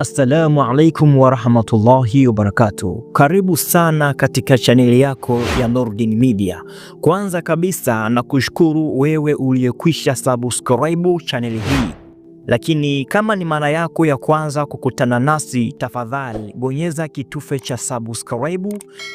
Assalamu alaikum warahmatullahi wabarakatuh. Karibu sana katika chaneli yako ya Nurdin Media. Kwanza kabisa na kushukuru wewe uliyekwisha subscribe chaneli hii lakini kama ni mara yako ya kwanza kukutana nasi, tafadhali bonyeza kitufe cha subscribe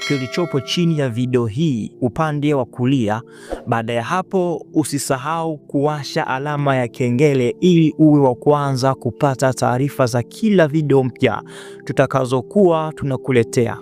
kilichopo chini ya video hii upande wa kulia. Baada ya hapo, usisahau kuwasha alama ya kengele ili uwe wa kwanza kupata taarifa za kila video mpya tutakazokuwa tunakuletea.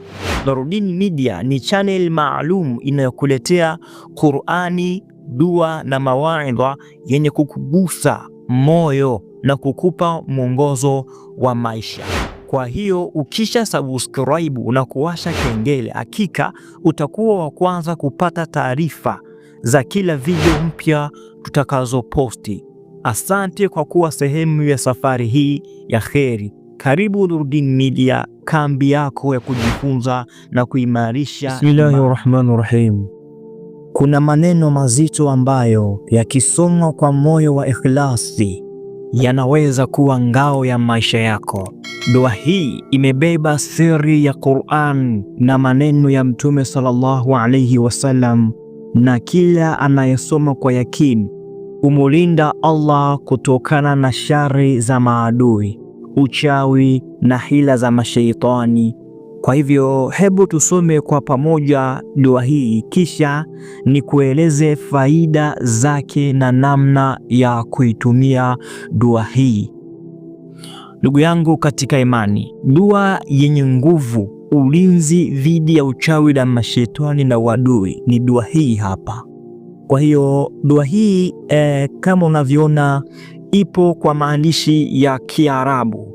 Nurdin Media ni channel maalum inayokuletea Qur'ani, dua na mawaidha yenye kukugusa moyo na kukupa mwongozo wa maisha. Kwa hiyo ukisha subscribe na kuwasha kengele, hakika utakuwa wa kwanza kupata taarifa za kila video mpya tutakazoposti. Asante kwa kuwa sehemu ya safari hii ya kheri. Karibu Nurdin Media, kambi yako ya kujifunza na kuimarisha. Bismillahir Rahim. Kuna maneno mazito ambayo yakisomwa kwa moyo wa ikhlasi yanaweza kuwa ngao ya maisha yako. Dua hii imebeba siri ya Qur'an na maneno ya Mtume sallallahu alayhi wasallam, na kila anayesoma kwa yakini humulinda Allah kutokana na shari za maadui, uchawi na hila za mashaitani. Kwa hivyo hebu tusome kwa pamoja dua hii, kisha nikueleze faida zake na namna ya kuitumia dua hii. Ndugu yangu katika imani, dua yenye nguvu, ulinzi dhidi ya uchawi na mashetani na uadui ni dua hii hapa. Kwa hiyo dua hii eh, kama unavyoona ipo kwa maandishi ya Kiarabu.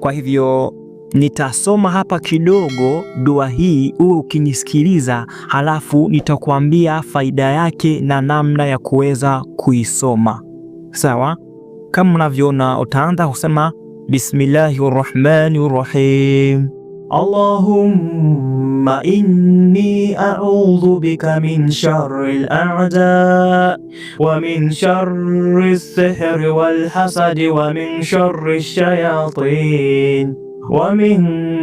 Kwa hivyo nitasoma hapa kidogo dua hii, uwe ukinisikiliza, halafu nitakuambia faida yake na namna ya kuweza kuisoma. Sawa? Kama unavyoona, utaanza kusema bismillahi rahmani rahim Allahumma inni a'udhu bika min sharri al-a'da wa min sharri as-sihri wal hasadi wa min sharri ash-shayatin ومن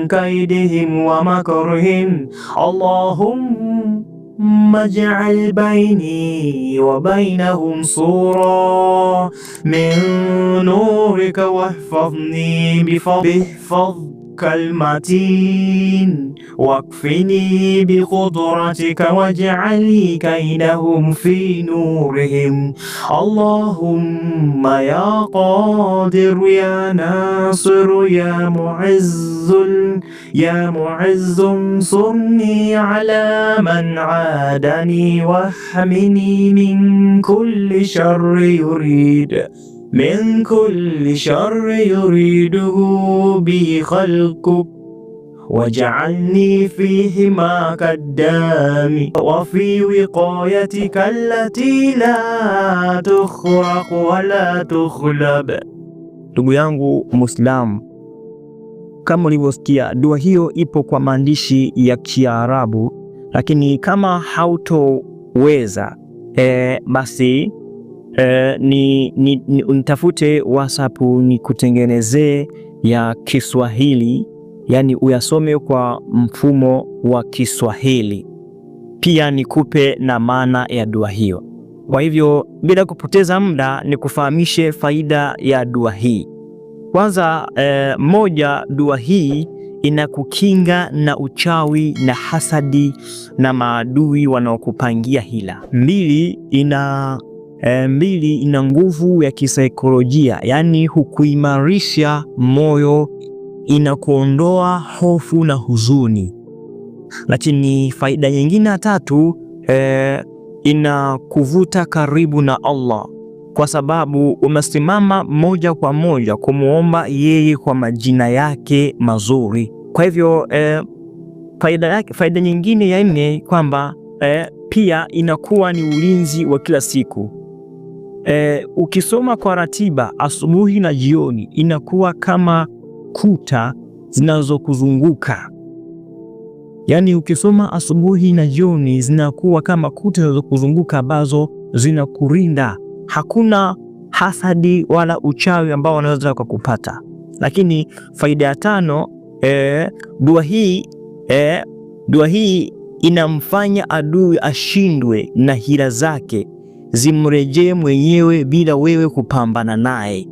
كيدهم ومكرهم اللهم اجعل بيني وبينهم صورا من نورك واحفظني بفضل كالمتين واكفني بقدرتك واجعلي كينهم في نورهم اللهم يا قادر يا ناصر يا معز يا معز صني على من عادني واحمني من كل شر يريد من كل شر يريده بي خلقك واجعلني فيه ما قدامي وفي وقايتك التي لا تخرق wala tukhlab. Ndugu yangu Muislamu, kama ulivyosikia dua hiyo ipo kwa maandishi ya Kiarabu, lakini kama hautoweza e, basi eh, ni, ni, ni nitafute WhatsApp nikutengenezee ya Kiswahili, yani uyasome kwa mfumo wa Kiswahili, pia nikupe na maana ya dua hiyo. Kwa hivyo bila kupoteza muda nikufahamishe faida ya dua hii. Kwanza eh, moja, dua hii inakukinga na uchawi na hasadi na maadui wanaokupangia hila. Mbili, ina Eh, mbili ina nguvu ya kisaikolojia, yaani hukuimarisha moyo, inakuondoa hofu na huzuni. Lakini faida nyingine ya tatu e, inakuvuta karibu na Allah kwa sababu umesimama moja kwa moja kumwomba yeye kwa majina yake mazuri. Kwa hivyo e, faida yake, faida nyingine ya nne kwamba e, pia inakuwa ni ulinzi wa kila siku. E, ukisoma kwa ratiba asubuhi na jioni inakuwa kama kuta zinazokuzunguka. Yaani ukisoma asubuhi na jioni zinakuwa kama kuta zinazokuzunguka ambazo zinakurinda. Hakuna hasadi wala uchawi ambao wanaweza kukupata. Lakini faida ya tano, e, dua hii e, dua hii inamfanya adui ashindwe na hila zake zimrejee mwenyewe bila wewe kupambana naye.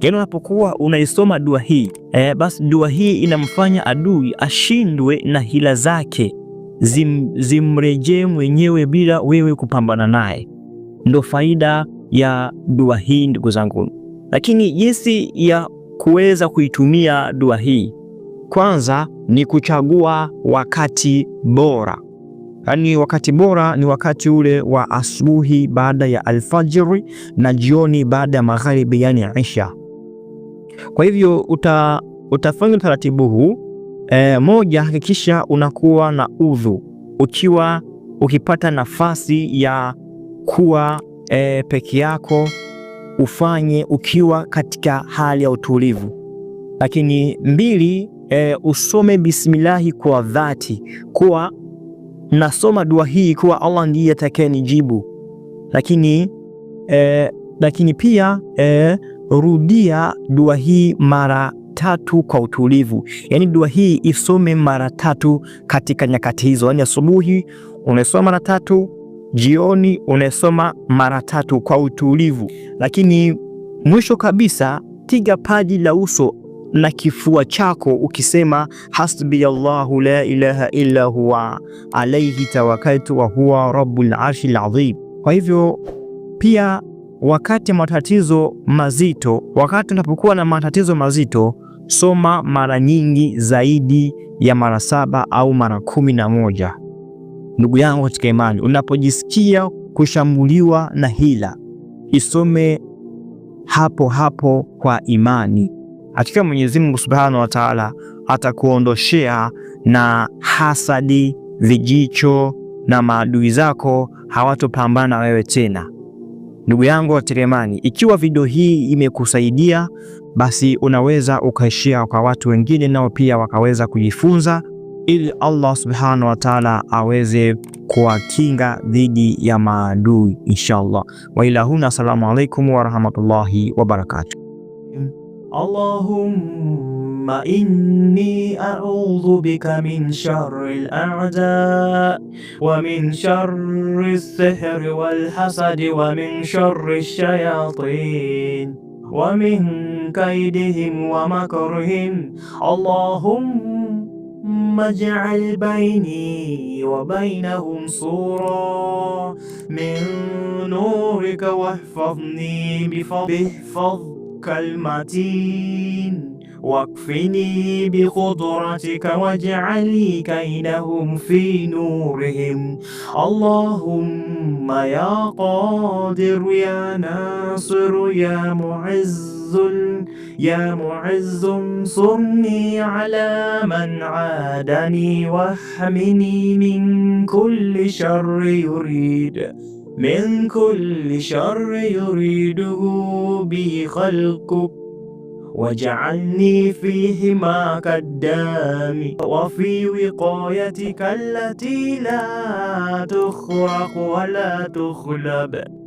Yaani unapokuwa unaisoma dua hii e, basi dua hii inamfanya adui ashindwe na hila zake, zim, zimrejee mwenyewe bila wewe kupambana naye. Ndo faida ya dua hii ndugu zangu. Lakini jinsi ya kuweza kuitumia dua hii, kwanza ni kuchagua wakati bora. Yaani wakati bora ni wakati ule wa asubuhi baada ya alfajiri na jioni baada ya magharibi, yani isha. Kwa hivyo uta, utafanya utaratibu huu e, moja, hakikisha unakuwa na udhu ukiwa ukipata nafasi ya kuwa e, peke yako ufanye ukiwa katika hali ya utulivu. Lakini mbili, e, usome bismillahi kwa dhati, kuwa nasoma dua hii kuwa Allah ndiye atakayenijibu, lakini eh, lakini pia eh, rudia dua hii mara tatu kwa utulivu. Yaani dua hii isome mara tatu katika nyakati hizo, yaani asubuhi unasoma mara tatu, jioni unasoma mara tatu kwa utulivu. Lakini mwisho kabisa, tiga paji la uso na kifua chako ukisema hasbi Allahu la ilaha illa huwa alayhi tawakkaltu wa huwa rabbul arshil azim. Kwa hivyo pia wakati matatizo mazito, wakati unapokuwa na matatizo mazito, soma mara nyingi zaidi ya mara saba au mara kumi na moja. Ndugu yangu katika imani, unapojisikia kushambuliwa na hila, isome hapo hapo kwa imani hakika Mwenyezi Mungu Subhanahu wa Ta'ala atakuondoshea na hasadi, vijicho na maadui zako hawatopambana na wewe tena. Ndugu yangu wa Teremani, ikiwa video hii imekusaidia basi unaweza ukaishia kwa watu wengine nao pia wakaweza kujifunza, ili Allah Subhanahu wa Ta'ala aweze kuwakinga dhidi ya maadui inshallah. Wa ila huna, assalamu alaikum wa rahmatullahi wa barakatuh. اللهم إني أعوذ بك من شر الأعداء ومن شر السحر والحسد ومن شر الشياطين ومن كيدهم ومكرهم اللهم اجعل بيني وبينهم صورا من نورك واحفظني بفضل المتين واكفني بقدرتك واجعلي كيدهم في نورهم اللهم يا قادر يا ناصر يا معز يا معز انصرني على من عادني واحمني من كل شر يريد من كل شر يريده بي خلقك واجعلني فيه ما قدامي وفي وقايتك التي لا تخرق ولا تخلب